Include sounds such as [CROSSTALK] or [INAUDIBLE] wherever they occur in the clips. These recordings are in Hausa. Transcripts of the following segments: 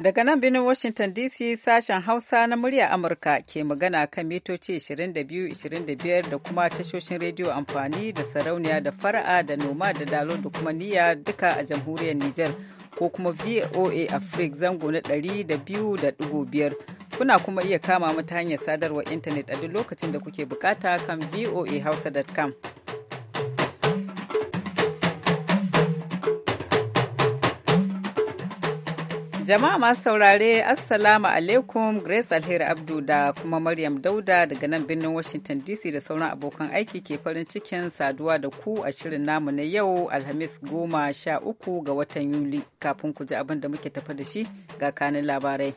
Daga nan birnin Washington DC sashen Hausa na murya Amurka ke magana kan mitoci 22-25 da kuma tashoshin rediyo amfani da sarauniya da fara'a da noma da dalo da kuma niyya duka a jamhuriyar Nijar ko kuma VOA Africa zango na 200.5 Kuna kuma iya kama mu ta hanyar sadarwar intanet a duk lokacin da kuke bukata kan voahausa.com. Jama'a masu saurare, Assalamu alaikum Grace Alheri Abdu da kuma Maryam Dauda daga nan birnin Washington DC da sauran abokan aiki ke farin cikin saduwa da ku a shirin namu na yau Alhamis goma sha uku ga watan Yuli kafin ku ji abin da muke tafa da shi ga kanin labarai.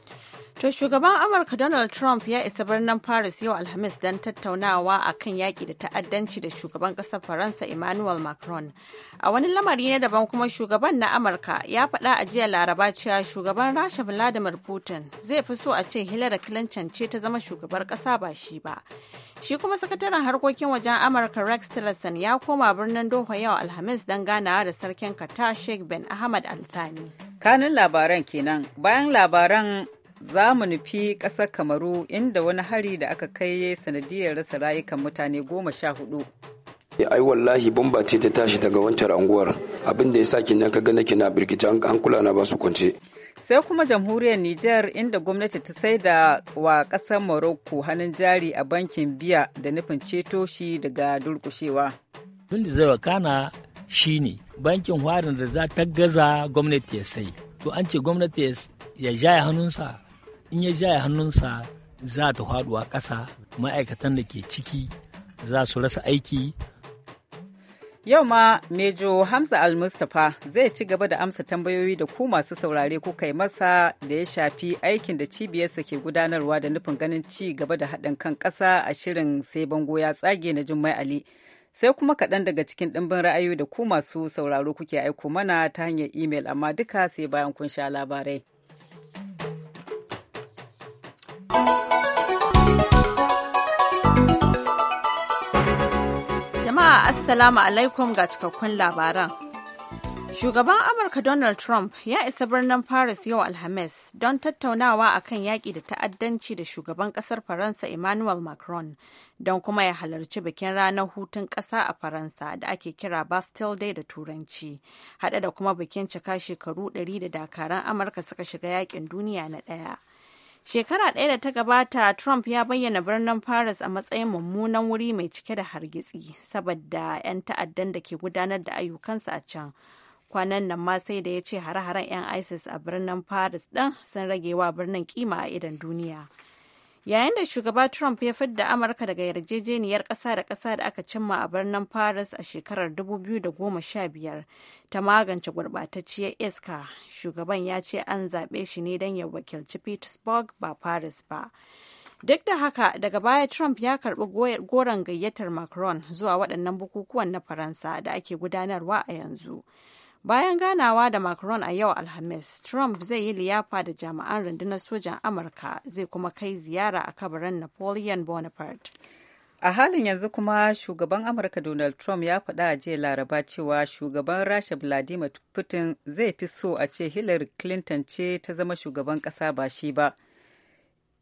To shugaban Amurka Donald Trump ya isa birnin Paris yau Alhamis don tattaunawa a kan yaƙi da ta'addanci da shugaban ƙasar Faransa Emmanuel Macron. A wani lamari na daban kuma shugaban na Amurka ya faɗa a jiya Laraba cewa shugaban Rasha Vladimir Putin zai fi so a ce Hillary Clinton ce ta zama shugabar ƙasa ba shi ba. Shi kuma sakataren harkokin wajen Amurka Rex Tillerson ya koma birnin Doha yau Alhamis don ganawa da sarkin Qatar Sheikh ben Ahmad Al Thani. Kanin labaran kenan bayan labaran za mu nufi ƙasar kamaru inda wani hari da aka kai sanadiyyar sanadiyar rasa rayukan mutane goma sha hudu ai wallahi bomba ce ta tashi daga wancan anguwar abin da ya sa kenan ka ga nake na birkita an kula na ba su kwance sai kuma jamhuriyar niger inda gwamnati ta sai da wa ƙasar morocco hannun jari a bankin biya da nufin ceto shi daga durkushewa tun da zai kana shine bankin hwarin da za ta gaza gwamnati ya sai to an ce gwamnati ya jaya hannunsa in ya jaya hannunsa za ta faduwa ƙasa ma'aikatan da ke ciki za su rasa aiki Yau ma Mejo Hamza al-mustapha zai ci gaba da amsa tambayoyi da ku masu saurare kuka yi masa da ya shafi aikin da cibiyarsa ke gudanarwa da nufin ganin ci gaba da haɗin kan ƙasa a shirin sai bango ya tsage na Jummai Ali. Sai kuma kaɗan daga cikin ɗimbin ra'ayoyi da ku masu sauraro kuke aiko mana ta hanyar imel amma duka sai bayan kun sha labarai. Jama'a Assalamu alaikum ga cikakkun labaran. Shugaban Amurka Donald Trump ya isa birnin Paris yau Alhamis don tattaunawa a kan yaƙi da ta'addanci da shugaban ƙasar Faransa Emmanuel Macron don kuma ya halarci bikin ranar hutun ƙasa a Faransa da ake kira Bastille Day da Turanci, haɗe da kuma bikin cika shekaru ɗari da dakaran Amurka suka shiga yaƙin duniya na ɗaya. Shekara ɗaya da ta gabata, Trump ya bayyana birnin Paris a matsayin mummunan wuri mai cike da hargitsi, saboda 'yan ta'addan da ke gudanar da ayyukansu a can. Kwanan nan ma sai da ya ce hare-haren 'yan ISIS a birnin Paris ɗin sun rage wa birnin kima a idon duniya. yayin da shugaba trump ya fidda amurka daga yarjejeniyar ƙasa da ƙasa da aka cimma a birnin paris a shekarar 2015 ta magance gurɓatacciyar iska shugaban ya ce an zaɓe shi ne don ya wakilci Petersburg ba paris ba duk da haka daga baya trump ya karɓi goron gayyatar macron zuwa waɗannan bukukuwan na faransa da ake gudanarwa a yanzu Bayan ganawa da Macron a yau Alhamis, Trump zai yi liyafa da jami'an rundunar sojan Amurka zai kuma kai ziyara a kabarin Napoleon Bonaparte. A halin yanzu kuma shugaban Amurka Donald Trump ya faɗa a jiya Laraba cewa shugaban Rasha Vladimir Putin zai fi so a ce Hillary Clinton ce ta zama shugaban ƙasa ba shi ba.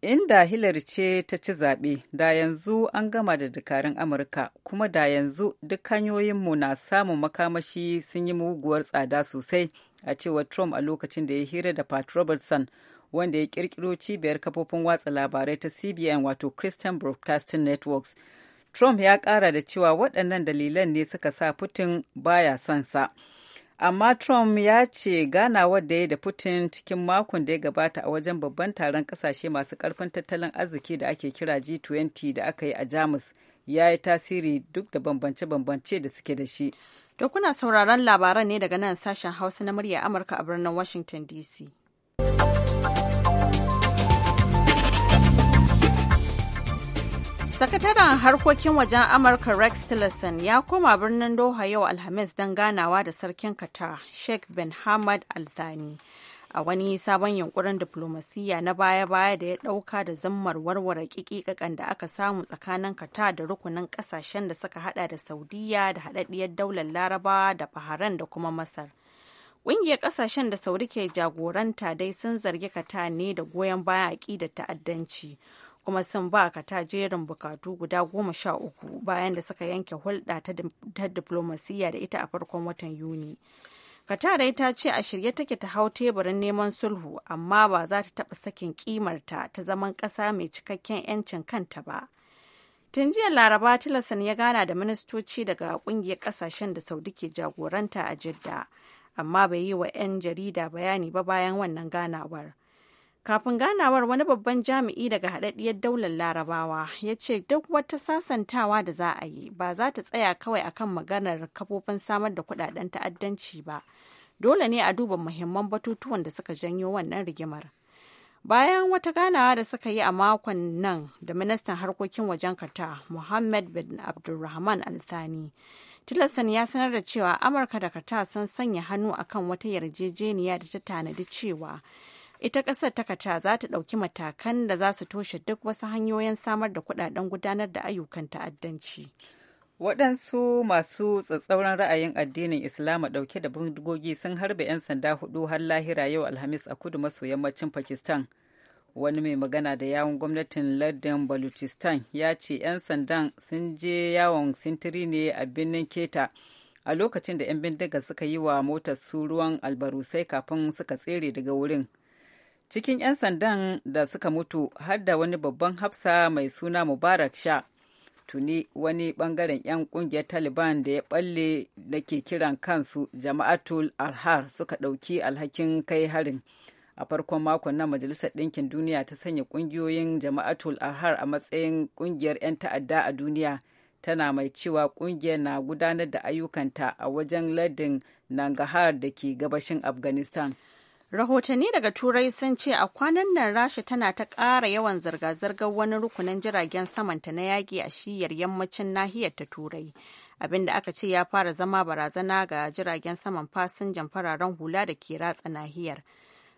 inda Hillary ce ta ci zaɓe da yanzu an gama da dakarun Amurka kuma da yanzu duk hanyoyinmu na samun makamashi sun yi muguwar tsada sosai a cewar Trump a lokacin da ya hira da Pat Robertson wanda ya kirkiro cibiyar kafofin watsa labarai ta CBN wato Christian Broadcasting Networks. Trump ya ƙara da cewa waɗannan dalilan ne suka sa Putin baya son sa. amma trump ya ce ganawar da ya da putin cikin makon da ya gabata a wajen babban taron kasashe masu karfin tattalin arziki da ake kira g20 da aka yi a jamus ya yi tasiri duk da bambance-bambance da suke da shi to kuna sauraron labaran ne daga nan sashen hausa na murya amurka a birnin washington dc Sakataren harkokin wajen Amurka Rex Tillerson ya koma birnin Doha yau Alhamis don ganawa da sarkin Qatar Sheikh bin Hamad Al Thani a wani sabon yunkurin diplomasiyya na baya-baya da ya dauka da zammar warware kikikakan da aka samu tsakanin Qatar da rukunin kasashen da suka hada da Saudiya da haɗaɗɗiyar daular Larabawa da Bahrain da kuma Masar. Ƙungiyar ƙasashen da Saudi ke jagoranta dai sun zargi Qatar ne da goyon baya aƙidar ta'addanci. kuma sun ba ta jerin bukatu guda goma sha uku bayan da suka yanke hulɗa ta diflomasiyya da ita a farkon watan yuni katarai ta ce a shirye take ta hau teburin neman sulhu amma ba za ta taɓa sakin kimarta ta zaman ƙasa mai cikakken 'yancin kanta ba tun jiya laraba tilasan ya gana da ministoci daga ƙungiyar ƙasashen da saudi ke jagoranta a jidda amma bai yi wa 'yan jarida bayani ba bayan wannan ganawar kafin ganawar wani babban jami'i daga haɗaɗɗiyar daular larabawa ya ce duk wata sasantawa da za a yi ba za ta tsaya kawai akan maganar kafofin samar da kudaden ta'addanci ba dole ne a duba muhimman batutuwan da suka janyo wannan rigimar bayan wata ganawa da suka yi a makon nan da ministan harkokin wajen kata muhammad bin abdulrahman althani tilastan ya sanar da cewa amurka da kata sun sanya hannu akan wata yarjejeniya da ta tanadi cewa ita ƙasar ta kata za ta ɗauki matakan da za su toshe duk wasu hanyoyin samar da kuɗaɗen gudanar da ayyukan ta'addanci. waɗansu masu tsatsauran ra'ayin addinin islam ɗauke da bindigogi sun harbe 'yan sanda hudu har lahira yau alhamis a kudu maso yammacin pakistan wani mai magana da yawon gwamnatin lardin baluchistan ya ce 'yan sandan sun je yawon sintiri ne a birnin keta a lokacin da 'yan bindiga suka yi wa motar su ruwan albarusai kafin suka tsere daga wurin cikin 'yan sandan da suka mutu har da wani babban hafsa mai suna mubarak sha tuni wani bangaren 'yan kungiyar taliban da ya balle da ke kiran kansu jama'atul alhar suka ɗauki alhakin kai harin a farkon makon na majalisar ɗinkin duniya ta sanya ƙungiyoyin jama'atul alhar a matsayin ƙungiyar 'yan ta'adda a duniya tana mai cewa ƙungiyar na gudanar da ayyukanta a wajen ladin nangahar da ke gabashin afghanistan Rahotanni daga Turai sun ce a kwanan nan Rasha tana ta ƙara yawan zirga-zirgar wani rukunin jiragen samanta na yaƙi a shiyar yammacin nahiyar ta Turai. Abin da aka ce ya fara zama barazana ga jiragen saman fasinjan fararen hula da ke ratsa nahiyar.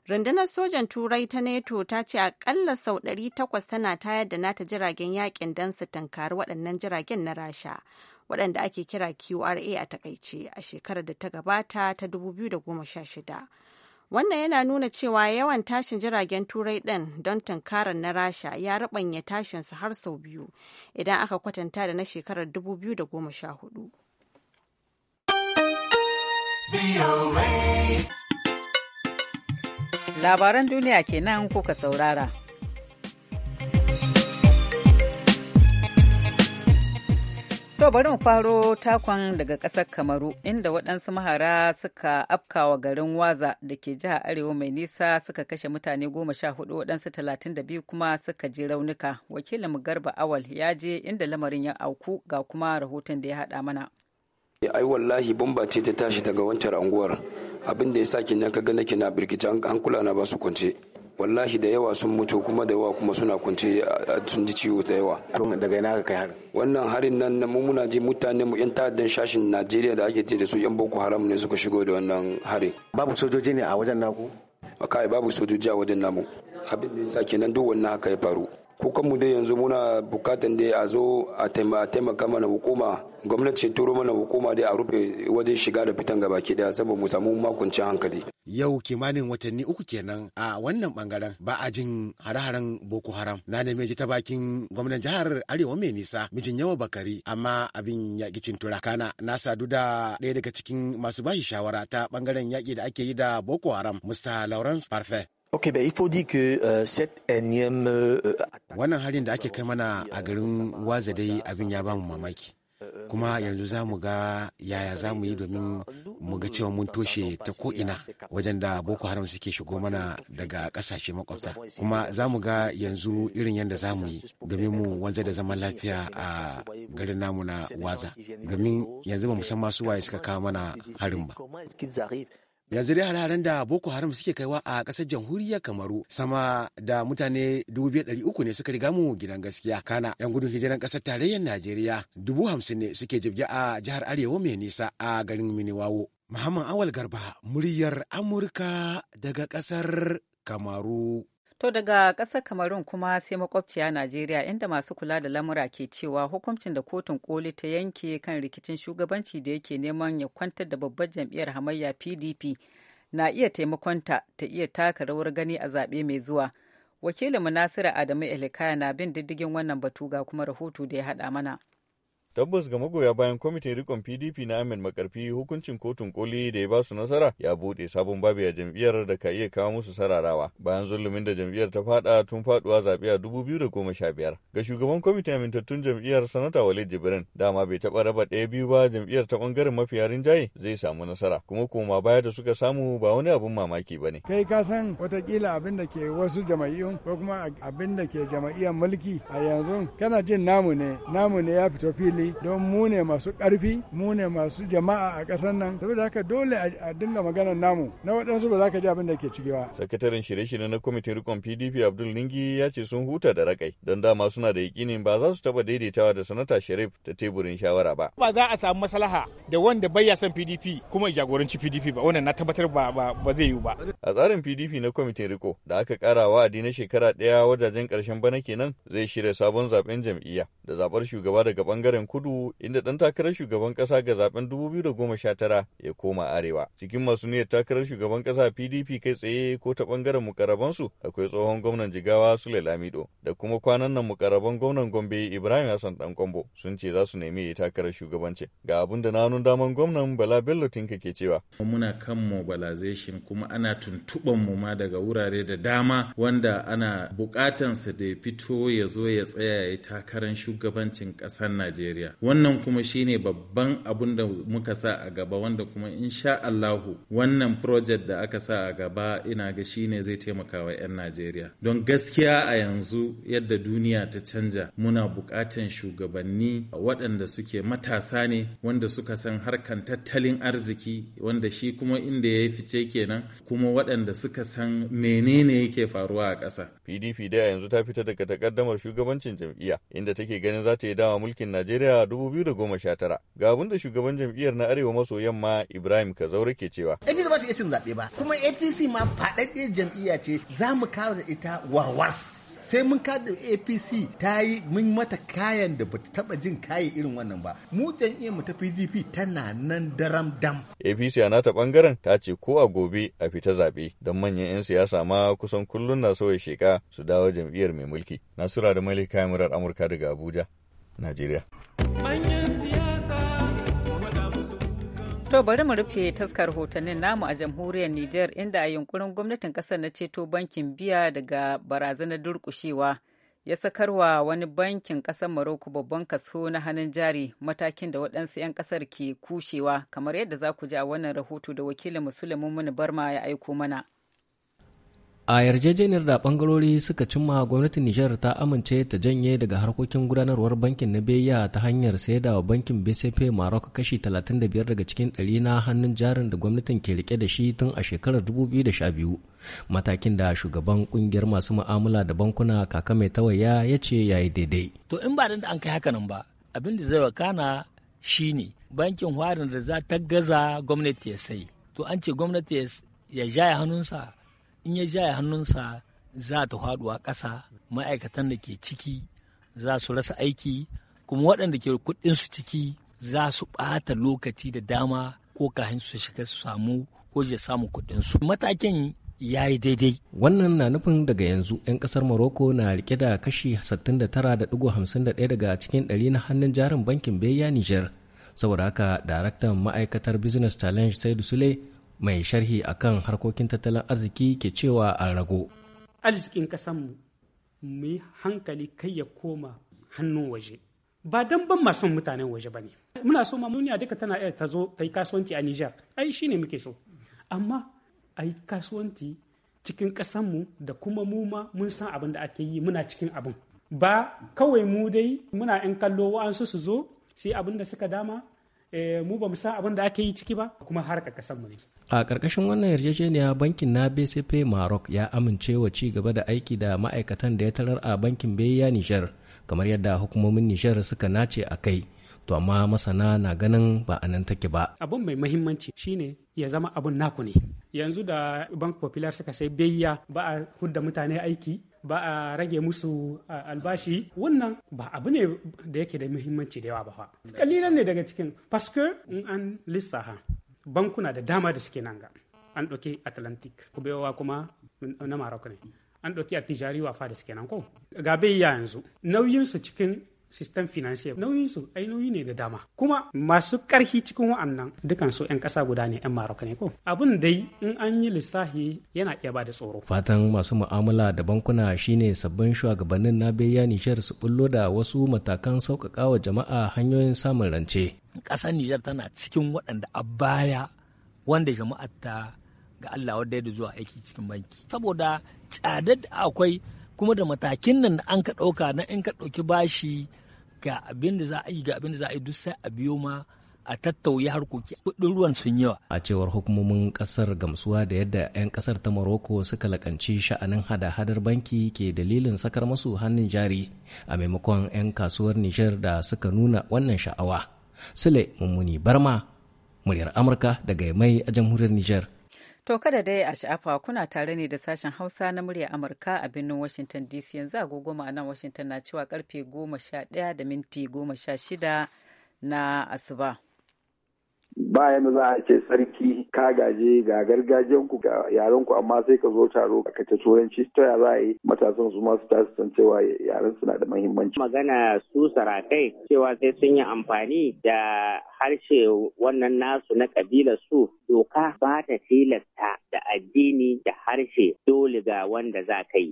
Rundunar sojan Turai ta NATO ta ce akalla sau 800 tana tayar da nata jiragen yakin don su tankari waɗannan jiragen na Rasha, waɗanda ake kira QRA a takaice a shekarar da ta gabata ta 2016. Wannan yana nuna cewa yawan tashin jiragen turai ɗin don tunkarar na Rasha ya ruɓanya tashinsu har sau biyu idan aka kwatanta da na shekarar 2014. Labaran duniya kenan kuka saurara. To bari mu faro takon daga ƙasar Kamaru inda waɗansu mahara suka afkawa garin Waza da ke jiha Arewa mai nisa suka kashe mutane goma sha hudu waɗansu talatin da biyu kuma suka ji raunuka. Wakilin Garba Awal ya je inda lamarin ya auku ga kuma rahoton da ya haɗa mana. Ai wallahi bomba ce ta tashi daga wancan unguwar abin da ya sa na ka ga nake na birkice an kula na ba su kwance. wallahi da yawa sun mutu kuma da yawa kuma suna kunce sun ji ciwo da yawa daga ina ka kai harin wannan harin nan na muna ji mutane mu yan ta'addan shashin Najeriya da ake ce da su yan Boko Haram ne suka shigo da wannan harin babu sojoji ne a wajen naku kai babu sojoji a wajen namu abin da yasa kenan duk wannan haka ya faru kukan mu dai yanzu muna bukatan dai a zo a taimaka mana hukuma gwamnati ce turo mana hukuma dai a rufe wajen shiga da fitan gaba ke daya saboda mu samu makuncin hankali yau kimanin watanni uku kenan a wannan bangaren ba a jin hare-haren boko haram na neman ji ta bakin gwamnan jihar arewa mai nisa mijin yawa bakari amma abin yaƙi cin kana na sadu da ɗaya daga cikin masu bashi shawara ta bangaren yaƙi da ake yi da boko haram mr lawrence parfait Ok, ba il set euh, euh, Wannan harin da ake kai mana a garin Waza dai abin ya bamu mamaki. Kuma yanzu za mu ga yaya za mu yi domin mu ga cewa mun toshe ta ko'ina wajen da Boko Haram suke shigo mana daga kasashe makwabta. Kuma za mu ga yanzu irin yadda za mu yi domin mu wanzar da zaman lafiya a garin namu na Waza. Domin yanzu ba musamman san waye suka kawo mana harin ba. yanzu dai hare-haren da boko haram suke kaiwa a ƙasar jamhuriyar kamaru sama da mutane 2,300 ne suka riga mu gidan gaskiya kana yan gudun hijiran ƙasar tarayyar najeriya dubu hamsin ne suke jibge a jihar arewa mai nisa a garin miniwawo muhammad awal garba muryar amurka daga ƙasar kamaru To daga ƙasar Kamarun kuma sai makwabciya Najeriya inda masu kula da lamura ke cewa hukuncin da kotun koli ta yanke kan rikicin shugabanci da yake neman ya kwantar da babbar jam'iyyar hamayya PDP na iya taimakonta ta iya taka rawar gani a zaɓe mai zuwa. Wakilin Nasiru Adamu Elikaya na bin diddigin wannan batu ga kuma rahoto da ya haɗa mana. tabbas ga magoya bayan kwamitin rikon pdp na amin makarfi hukuncin kotun koli da ya basu nasara ya bude sabon babi a jam'iyyar da ka iya kawo musu sararawa bayan zulumin da jam'iyyar ta fada tun faduwa zaɓe a dubu biyu da goma sha biyar ga shugaban kwamitin amintattun jam'iyyar sanata walid jibrin dama bai taɓa raba ɗaya biyu ba jam'iyyar ta ɓangaren mafiya rinjaye zai samu nasara kuma koma baya da suka samu ba wani abin mamaki ba ne. kai ka san watakila abin da ke wasu jama'iyyun ko kuma abin da ke jama'iyyar mulki a yanzu kana jin namu ne namu ne ya fito fili hankali don mu ne masu ƙarfi mu ne masu jama'a a ƙasar nan saboda haka dole a dinga maganar namu na waɗansu ba za ka ji abin da ke ciki ba. sakataren shirye-shirye na kwamitin rikon pdp abdul lingi ya ce sun huta da rakai don dama suna da yakinin ba za su taɓa daidaitawa da sanata sharif da teburin shawara ba. ba za a samu maslaha da wanda bai ya san pdp kuma ya jagoranci pdp ba wannan na tabbatar ba ba zai yiwu ba. a tsarin pdp na kwamitin riko da aka ƙara wa'adi na shekara ɗaya wajajen ƙarshen bana kenan zai shirya sabon zaben jam'iyya da zaɓar shugaba daga ɓangaren kudu inda ɗan takarar shugaban ƙasa ga zaben 2019 ya koma arewa. Cikin masu niyyar takarar shugaban ƙasa PDP kai tsaye ko ta bangaren mukarabansu akwai tsohon gwamnan Jigawa Sule Lamido da kuma kwanan nan mukaraban gwamnan Gombe Ibrahim Hassan dan kwambo sun ce za su nemi ya takarar shugabanci. Ga abin da na daman gwamnan Bala Bello Tinka ke cewa. Muna kan mobilization kuma ana tuntuɓan mu ma daga wurare da dama wanda ana bukatansa da ya fito ya zo ya tsaya ya takarar shugabancin ƙasar Najeriya. Najeriya. Wannan kuma shine babban abun da muka sa a gaba wanda kuma insha Allahu wannan project da aka sa a gaba ina ga shine zai taimaka wa 'yan Najeriya. Don gaskiya a yanzu yadda duniya ta canja muna bukatan shugabanni waɗanda suke matasa ne wanda suka san harkan tattalin arziki wanda shi kuma inda ya fice kenan kuma waɗanda suka san menene yake faruwa a ƙasa. PDP da yanzu ta fita daga takaddamar shugabancin jam'iyya inda take ganin za ta yi dama mulkin Najeriya Najeriya 2019. Ga abin shugaban jam'iyyar na Arewa maso yamma Ibrahim Kazaure ke cewa. APC ba ta iya cin zaɓe ba, kuma APC ma faɗaɗɗiyar jam'iyya ce za mu kawo da ita warwars. sai mun kada apc ta yi mun mata kayan da bata taba jin kayi irin wannan ba mu jam'iyyar mu ta pdp tana nan daram dam apc a nata bangaren ta ce ko a gobe a fita zaɓe don manyan 'yan siyasa ma kusan kullum na sauya sheka su dawo jam'iyyar mai mulki nasura da malika murar amurka daga abuja najeriya To bari mu rufe taskar hotonin namu a jamhuriyar Nijar inda a yunkurin gwamnatin kasar na ceto bankin biya daga barazanar durkushewa ya sakarwa wani bankin kasar Maroko babban kaso na hannun jari matakin da waɗansu 'yan kasar ke kushewa kamar yadda za ku ji a wannan rahoto da wakilin musulmin mini barma ya aiko mana. a yarjejeniyar da bangarori suka cimma gwamnatin nijar ta amince ta janye daga harkokin gudanarwar bankin na beya ta hanyar saida wa bankin bcp maroc kashi 35 daga cikin ɗari na hannun jarin da gwamnatin ke rike da shi tun a shekarar 2012 matakin da shugaban kungiyar masu ma'amula da bankuna kaka mai tawaya ya ce ya yi daidai to in ba da an kai haka nan ba abin da zai wakana ne bankin hwarin da za ta gaza gwamnati ya sai to an ce gwamnati ya ja hannunsa in ya jaya hannunsa za ta a ƙasa ma'aikatan da ke ciki za su rasa aiki kuma waɗanda ke kuɗinsu ciki za su ɓata lokaci da dama ko kahin su shiga su samu ko ya samu kuɗinsu matakin ya yi daidai wannan na nufin daga yanzu 'yan kasar morocco na rike da kashi 69.51 daga cikin ɗari na hannun jarin bankin beya niger saboda haka daraktan ma'aikatar business challenge saidu sule mai sharhi a kan harkokin tattalin arziki ke cewa a rago. Arzikin ƙasanmu mu yi hankali kai ya koma hannun waje. Ba don ban masu mutanen waje ba ne. Muna so mamuniya duka tana iya ta zo ta yi kasuwanci a Nijar. Ai shi ne muke so. Amma a yi kasuwanci cikin ƙasanmu da kuma mu ma mun san abin da ake yi muna cikin abin. Ba kawai mu dai muna 'yan kallo wa'ansu su zo sai abin da suka dama Eh, mu ba mu san abin da ake yi ciki ba kuma har kasan mu ne a karkashin wannan yarjejeniya bankin na bcp maroc ya amince wa ci gaba da aiki da ma'aikatan da ya tarar a bankin Bayya niger kamar yadda hukumomin niger suka nace a kai to amma masana na ganin ba a nan take ba abin mai mahimmanci shine ya zama abin naku ne yanzu da bank popular suka sai bayya ba a hudda mutane aiki ba a rage musu albashi wannan ba abu ne da yake da muhimmanci da yawa ba fa kalilan ne daga cikin paske in an lissaha bankuna da dama da suke nan ga an ɗauki atlantic kubewa kuma na Marokko ne an ɗauki a tijari wafa da suke nan ko ga yanzu nauyinsu cikin sistem financier nauyinsu ai nauyi ne da dama kuma masu karhi cikin wa'annan dukansu 'yan ƙasa guda ne 'yan maroka ne ko abin dai in an yi lissafi yana iya ba da tsoro fatan masu mu'amala da bankuna shine sabbin shugabannin na biya nijar su bullo da wasu matakan sauƙaƙa wa jama'a hanyoyin samun rance ƙasar nijar tana cikin waɗanda a baya wanda jama'a ta ga Allah wadda ya zuwa aiki cikin banki saboda tsadar da akwai kuma da matakin nan da an ka ɗauka na in ka ɗauki bashi ga abin da za a yi ga abin da za a yi duk sai a biyo ma a tattauye harkoki kudin ruwan sun yawa. A cewar hukumomin kasar gamsuwa da yadda 'yan kasar ta Morocco suka lakanci sha'anin hada-hadar banki ke dalilin sakar masu hannun jari a maimakon 'yan kasuwar niger da suka nuna wannan sha'awa. Sule Mummuni Barma, muryar Amurka daga mai a jamhuriyar niger. To kada dai a sha'afa kuna tare ne da sashen Hausa na murya Amurka a birnin Washington DC yanzu agogo nan Washington na cewa karfe ɗaya da minti shida na asuba. ba za a ce sarki ka gaje ga gargajiyan ku ga yaren ku amma sai ka zo taro ka kace turanci ta ya za a yi matasan su ma su tasu san cewa yaren suna da muhimmanci magana su sarakai cewa sai sun yi amfani da harshe wannan nasu na kabila su doka ba ta tilasta da addini da harshe dole ga wanda za ka yi.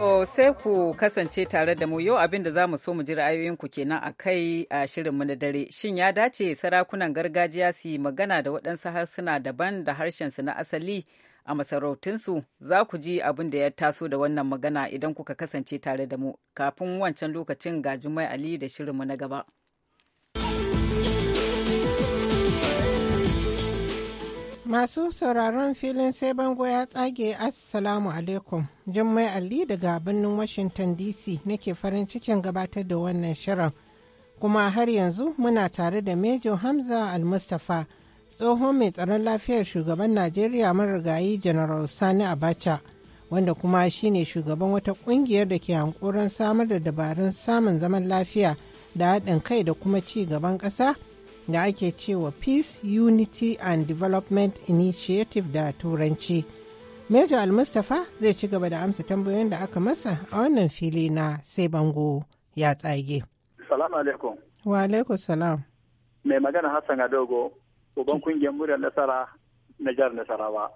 Oh sai ku kasance tare da mu yau abinda da za mu so mu ji ra'ayoyinku kenan a kai a shirinmu na dare. Shin ya dace sarakunan gargajiya su yi magana da waɗansu harsuna daban da harshensu na asali a masarautunsu za ku ji abin da ya taso da wannan magana idan kuka kasance tare da mu kafin wancan lokacin ga Jumai Ali da shirinmu na gaba. Masu sauraron filin sai bango ya tsage Assalamu alaikum. Jummai Ali daga birnin Washington DC nake farin cikin gabatar da wannan shirin. Kuma har yanzu muna tare da Mejo Hamza Al-Mustapha, tsohon mai tsaron lafiyar shugaban Najeriya marigayi General Sani Abacha, wanda kuma shine shugaban wata kungiyar da ke hankoron samar da dabarun samun zaman lafiya da haɗin kai da kuma ci gaban ƙasa. da ake cewa peace unity and development initiative da turanci major al-mustapha zai ci gaba da amsa tambayoyin da aka masa a wannan fili na sai bango ya tsage salamu alaikum wa alaikum salam mai magana hassan adogo uban kungiyar muryar nasara na jihar nasarawa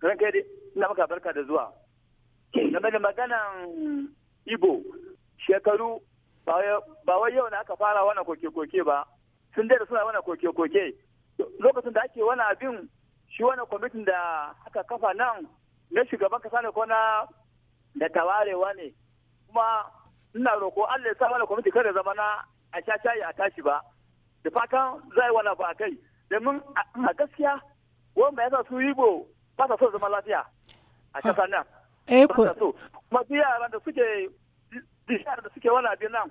ran kai ina maka barka da zuwa game da maganan ibo shekaru ba wai yau na aka fara wannan koke-koke ba sun da suna wani koke-koke lokacin da ake wani abin shi wani kwamitin da aka kafa nan na shugaban kasa ne ko na da tawarewa ne kuma ina roko Allah ya sa wani kwamiti kada zama na a sha a tashi ba da fatan zai wani a kai domin a gaskiya wanda ya sa su yibo ba sa so zama lafiya a kasa nan eh, ba so kuma su yaran da suke da suke wani abin nan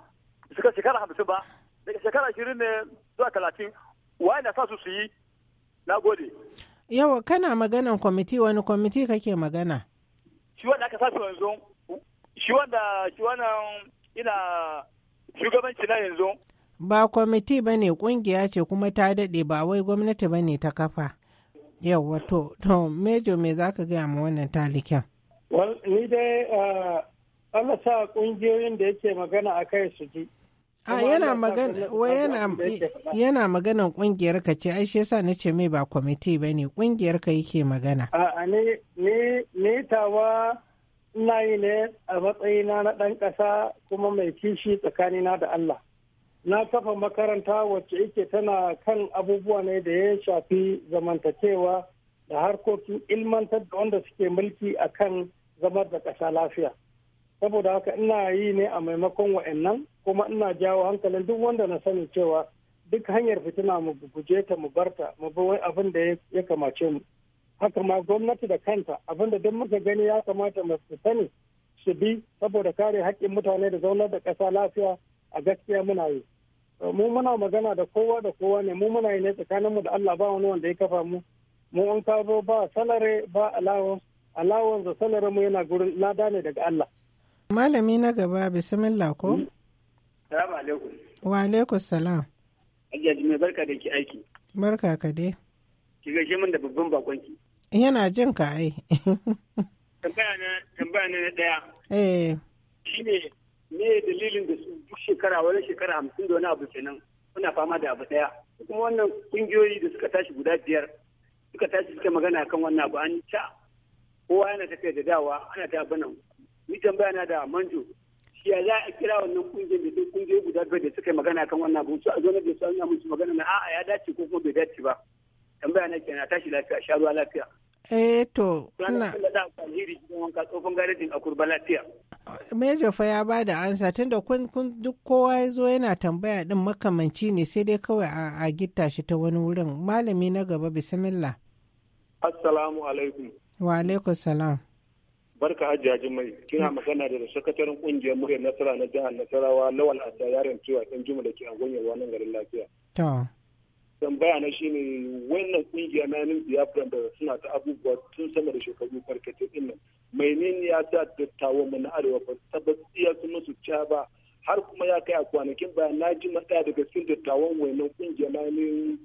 suka shekara hamsin ba daga shekara ashirin ne zuwa talatin wa na sa su su yi na gode yawa kana maganan kwamiti wani kwamiti kake magana shi wanda aka sasu yanzu shi wanda shi wannan ina shugabanci na yanzu ba kwamiti ba ne kungiya ce kuma ta daɗe ba wai gwamnati ba ne ta kafa Yau, wato to mejo me za ka gaya ma wannan talikin ni dai eh, Allah sa kungiyoyin da yake magana a kai su ji a ah, yana magana yana maganan kungiyar ka ce ai shi yasa na ce mai ba kwamiti ba ne kungiyar ka yake magana a ne ne ne tawa ina yi ne a matsayina na ɗan ƙasa kuma mai kishi tsakanina da Allah na kafa makaranta wacce yake tana kan abubuwa ne da ya shafi zamantakewa da harkokin ilmantar da wanda suke mulki akan zamar da ƙasa lafiya saboda haka ina yi ne a maimakon wa'annan kuma ina jawo hankalin duk wanda na sani cewa duk hanyar fitina mu guje ta mu barta mu bi abin da ya kamace mu haka ma gwamnati da kanta abin da duk muka gani ya kamata mu sani su bi saboda kare haƙƙin mutane da zaunar da ƙasa lafiya a gaskiya muna yi mu muna magana da kowa da kowa ne mu muna yi ne tsakaninmu da Allah ba wani wanda ya kafa mu mu an kawo ba salare ba alawon alawon da salare mu yana gurin lada ne daga Allah Malami na gaba bismillah ko? Mm. Salamu alaikum. Wa alaikum salam. Ajiyaji mai barka da ke aiki. Barka ka dai. Ki gaishe min da babban bakonki. Yana jin ka ai. [LAUGHS] Tambaya na tambaya na daya. Eh. Shine me dalilin da su duk shekara wani shekara hamsin da wani abu kenan suna fama da abu daya. Kuma wannan kungiyoyi da suka tashi guda biyar suka tashi suka magana kan wannan abu an ca kowa yana tafiya da dawa ana ta abu nan ni tambaya na da manjo shi ya za a kira wannan kungiyar da duk kungiyoyi guda biyar da suka yi magana kan wannan abu su a zonar da su an musu magana na a'a ya dace ko kuma bai dace ba tambaya na kenan tashi lafiya sha ruwa lafiya eh to ina da alheri gidan wanka tsofin garejin a kurba lafiya Mejo fa ya ba da ansa tunda kun kun duk kowa ya zo yana tambaya din makamanci ne sai dai kawai a, a gitta shi ta wani wurin malami na gaba bismillah assalamu alaikum wa alaikum salam barka hajji mai kina magana da sakataren kungiyar murya nasara na jihar nasarawa lawal asa yaren cewa dan juma da ke angonyewa nan garin lafiya tambaya na shine wannan kungiya na yanin biafran da suna ta abubuwa tun sama da shekaru farkatai din nan menene ya sa dattawan mu na arewa ba tabbatsiya su musu ca ba har kuma ya kai a kwanakin bayan na ji matsaya daga cikin dattawan wainan kungiya na yanin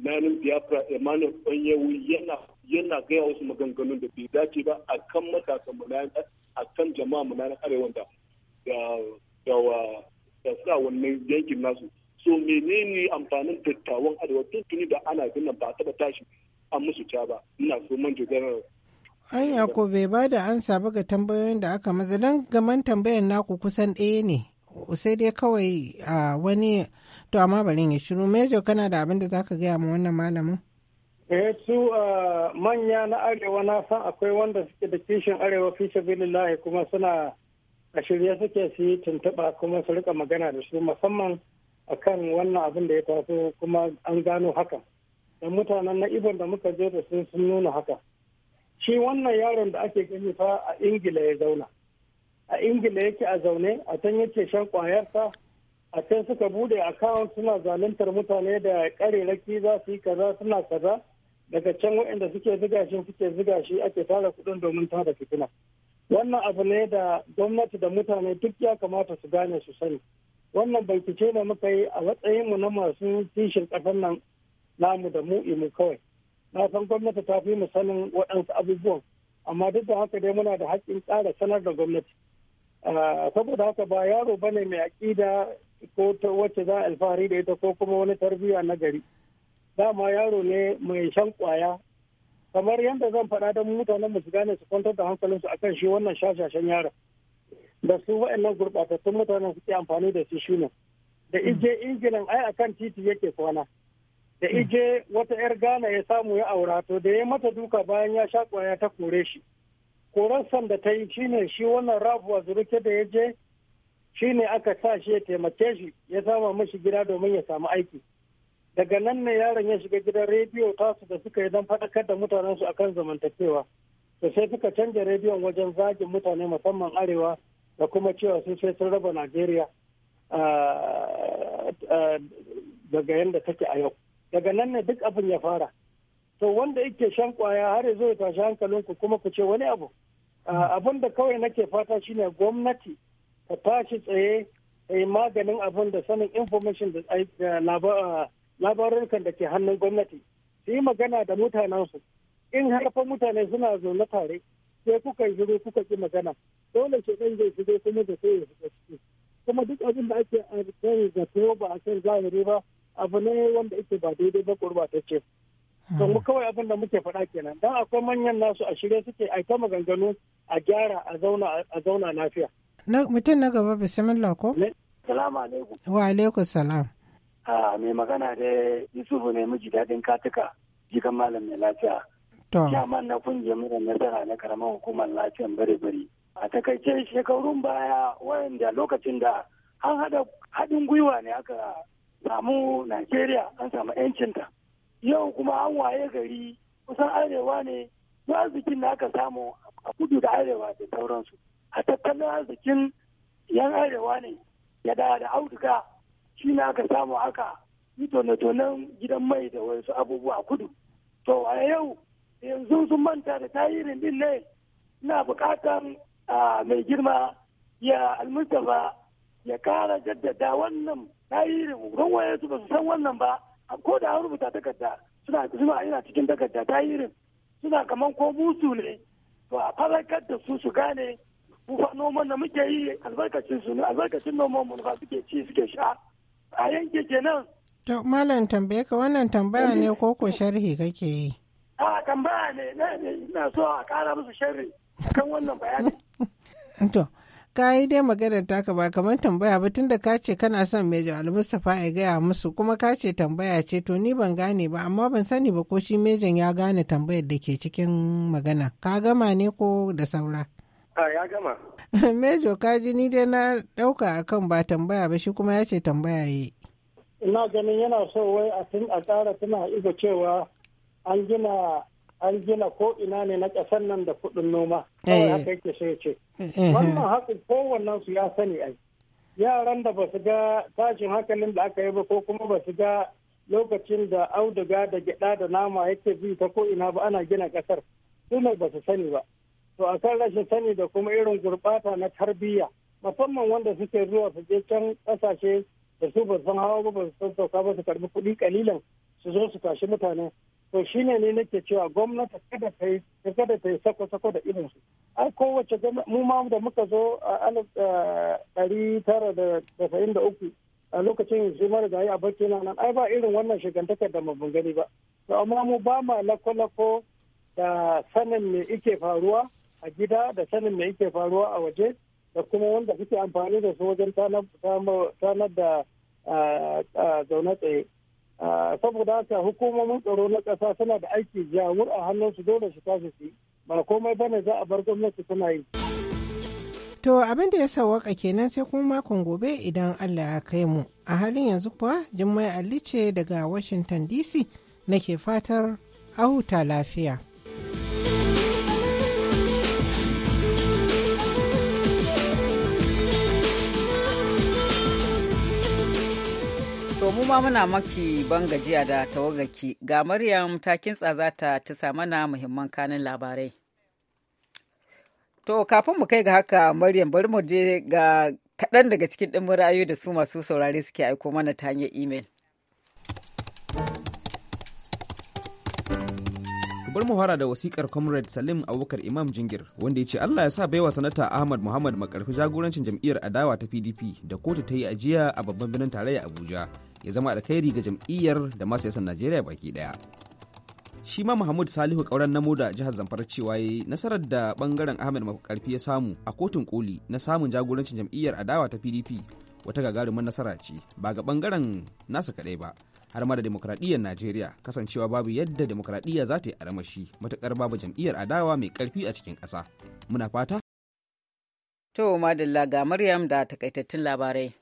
na yanin biafra emmanuel onyewu yana yana gaya wasu maganganun da bai dace ba a kan matasan mu a kan jama'a mu na arewa da da sa wannan yankin nasu so menene amfanin dattawan arewa tuntuni da ana gina ba taba tashi an musu ca ba ina so man jogarar an ko bai ba da an saba ga tambayoyin da aka maza don gaman tambayar naku kusan ɗaya ne sai dai kawai a ah, wani to amma barin ya shiru mejo kana da abin da za ka gaya ma wannan malamin eh su ah, manya na arewa na san akwai wanda suke da kishin arewa fi sabilillahi kuma suna a shirya suke su yi tuntuɓa kuma su rika magana da su musamman akan wannan abin da ya taso kuma an gano hakan da mutanen na ibon da muka je da sun sun nuna haka shi wannan yaron da ake gani fa a ingila ya zauna a ingila yake a zaune a can yake shan kwayarsa a can suka bude account suna zaluntar mutane da kareraki za su yi kaza suna kaza daga can waɗanda suke ziga shi suke ziga shi ake tara kuɗin domin tara fitina wannan abu ne da gwamnati da mutane duk ya kamata su gane su sani wannan bincike da muka yi a mu na masu kishin ƙasar nan namu da mu imu kawai na san gwamnati ta fi mu sanin waɗansu abubuwan amma duk da haka dai muna da haƙƙin ƙara sanar da gwamnati saboda haka ba yaro bane mai aƙida ko ta wacce za a alfahari da ita ko kuma wani tarbiyya na gari dama yaro ne mai shan kwaya kamar yadda zan faɗa don mutanen mu su gane su kwantar da hankalinsu akan shi wannan shashashen yaron da su wa'annan gurɓatattun mutanen suke amfani da su shine da ije ingilan ai akan titi yake kwana da ije wata 'yar gana ya samu ya aura to da ya mata duka bayan ya sha kwaya ta kore shi san da ta yi shine shi wannan rafuwa zuruke da ya je shine aka sa shi ya taimake shi ya sama mashi gida domin ya samu aiki daga nan ne yaron ya shiga gidan rediyo tasu da suka yi don faɗakar da mutanen su akan zamantakewa da sai suka canja rediyon wajen zagin mutane musamman arewa da kuma cewa sun sai sun raba najeriya daga yadda take a yau daga nan ne duk abin ya fara to wanda yake shan kwaya har yanzu ya tashi hankalinku kuma ku ce wani abu abin da kawai nake fata shine gwamnati ta tashi tsaye ta yi maganin abin da sanin information da labarurkan da ke hannun gwamnati su yi magana da mutanensu in harfa mutane suna zaune tare sai kuka yi shiru kuka ki magana dole shi ɗan zai shigo kuma da sai ya shiga ciki kuma duk abin da ake a kan zato ba a kan zahiri ba abu ne wanda ake ba daidai ba gurbatacce don hmm. mu kawai abin da muke faɗa kenan dan akwai manyan nasu a shirye suke a ta maganganu a gyara a zauna a zauna lafiya mutum na gaba bisimila ko salamu alaikum wa alaikum salam a mai magana da yusufu ne miji daɗin katika. jikan malam mai lafiya chairman na kungiyar mura nasara na karamar hukumar lafiyan bare-bare a takaice shekarun baya wayanda lokacin da an haɗa haɗin gwiwa ne aka samu najeriya an samu yancinta yau kuma an waye gari kusan arewa ne duk arzikin da aka samu a kudu da arewa da sauransu a tattalin arzikin yan arewa ne ya da da auduga shi na ka samu haka yi tone-tonen gidan mai da wasu abubuwa kudu to a yau yanzu sun manta da tarihin din ne na bukatan mai girma ya almustafa ya kara jaddada wannan tarihin don waye su basu san wannan ba A ko da rubuta takarda suna suna yana cikin takarda tarihin suna kamar ko musu ne to a farakar da su su gane mu fa noman da muke yi albarkacin su ne albarkacin noman mu ba suke ci suke sha a yanke kenan. To malam tambaye ka wannan tambaya ne ko ko sharhi kake yi? A tambaya ne ina so a kara musu sharhi kan wannan bayanin. [LAUGHS] To ka yi dai maganar ka ba kamar tambaya ba tunda ka ce kana son Mejo Almustapha ya gaya musu kuma ka ce tambaya ce to ni ban gane ba amma ban sani ba ko shi mejan ya gane tambayar da ke cikin magana ka gama ne ko da saura. ya gama. [LAUGHS] Mejo kaji ni dai na ɗauka akan ba tambaya ba shi kuma ya ce tambaya yi. Ina ganin yana so wai a tun a ƙara tuna iga cewa an gina an gina ko ina ne na ƙasar nan da kuɗin noma. Kawai eh. haka yake so ya ce. Eh, eh. Wannan haƙin kowannen su ya sani ai. Yaran da ba su ga tashin hankalin da aka yi ba ko kuma ba su ga lokacin da auduga da gyaɗa da nama yake bi ta ko ina ba ana gina ƙasar. Su ne ba su sani ba. to a kan rashin sani da kuma irin gurbata na tarbiyya musamman wanda suke zuwa su je can kasashe da su ba san hawa ba ba su san sauka ba su karbi kuɗi kalilan su zo su tashi mutane to shine ne nake cewa gwamnati kada ta yi kada ta yi sako-sako da irin su ai kowace mu ma da muka zo a alif eh, ɗari tara da tasa'in da uku a lokacin yanzu mara da a bakin nan ai ba irin wannan shigantakar da mun gani ba to amma mu ba ma lako-lako da sanin me ike faruwa a gida da sanin me yake faruwa a waje da kuma wanda kuke amfani da su wajen tanar da zaune tsaye saboda haka hukumomin tsaro na ƙasa suna da aiki jawur a hannunsu dole su tashi su ba komai bane za a bar gwamnati suna yi To abin da ya sawaka kenan sai kuma makon gobe idan Allah ya kai mu. A halin yanzu kuwa Jummai alli ce daga Washington DC nake fatar a huta lafiya. mu ma muna maki ban gajiya da tawagaki ga Maryam takin tsaza ta ta mana muhimman kanin labarai. To kafin mu kai ga haka Maryam bari mu je ga kaɗan daga cikin ɗin ra'ayoyi da su masu saurare suke aiko mana ta hanyar imel. bar mu fara da wasikar comrade salim abubakar imam jingir wanda ya ce allah ya sa baiwa sanata ahmad muhammad makarfi jagorancin jam'iyyar adawa ta pdp da kotu ta yi ajiya a babban birnin tarayya abuja ya zama alkhairi ga jam'iyyar da masu yasan najeriya baki daya shi ma Muhammad Salihu kauran namo da jihar Zamfara cewa yi nasarar da bangaren Ahmed Makarfi ya samu a kotun koli na samun jagorancin jam'iyyar adawa ta PDP wata gagarumin nasara ce ba ga bangaren nasa kadai ba har ma da demokradiyyar Najeriya kasancewa babu yadda demokradiyya za ta yi aramashi, matukar babu jam'iyyar adawa mai karfi a cikin ƙasa muna fata to madalla ga Maryam da takaitattun labarai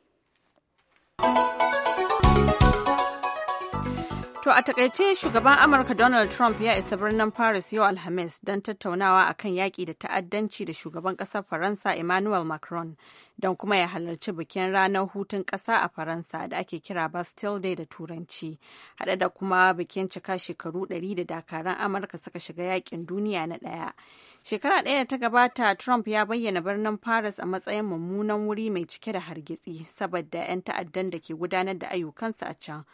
To a takaice shugaban Amurka Donald Trump ya isa birnin Paris yau Alhamis don tattaunawa a kan yaƙi da ta'addanci da shugaban ƙasar Faransa Emmanuel Macron don kuma ya halarci bikin ranar hutun ƙasa a Faransa da ake kira Bastille Day da Turanci, haɗe da kuma bikin cika shekaru ɗari da dakaran Amurka suka shiga yaƙin duniya na ɗaya. Shekara ɗaya da ta gabata, Trump ya bayyana birnin Paris a matsayin mummunan wuri mai cike da hargitsi saboda 'yan ta'addan da ke gudanar da ayyukansu a can.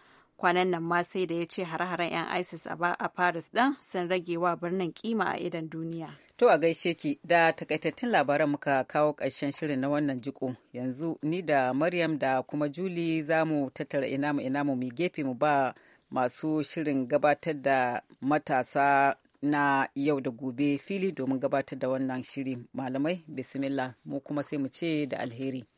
kwanan nan ma sai da ya ce hare-haren 'yan isis a paris ɗin sun rage wa birnin kima a idan duniya to a gaishe ki da takaitattun labaran muka kawo ƙarshen shirin na wannan jiko yanzu ni da maryam da kuma juli za mu tattara inamu inamu mu gefe mu ba masu shirin gabatar da matasa na yau da gobe fili domin gabatar da wannan shiri malamai bismillah mu kuma sai mu ce da alheri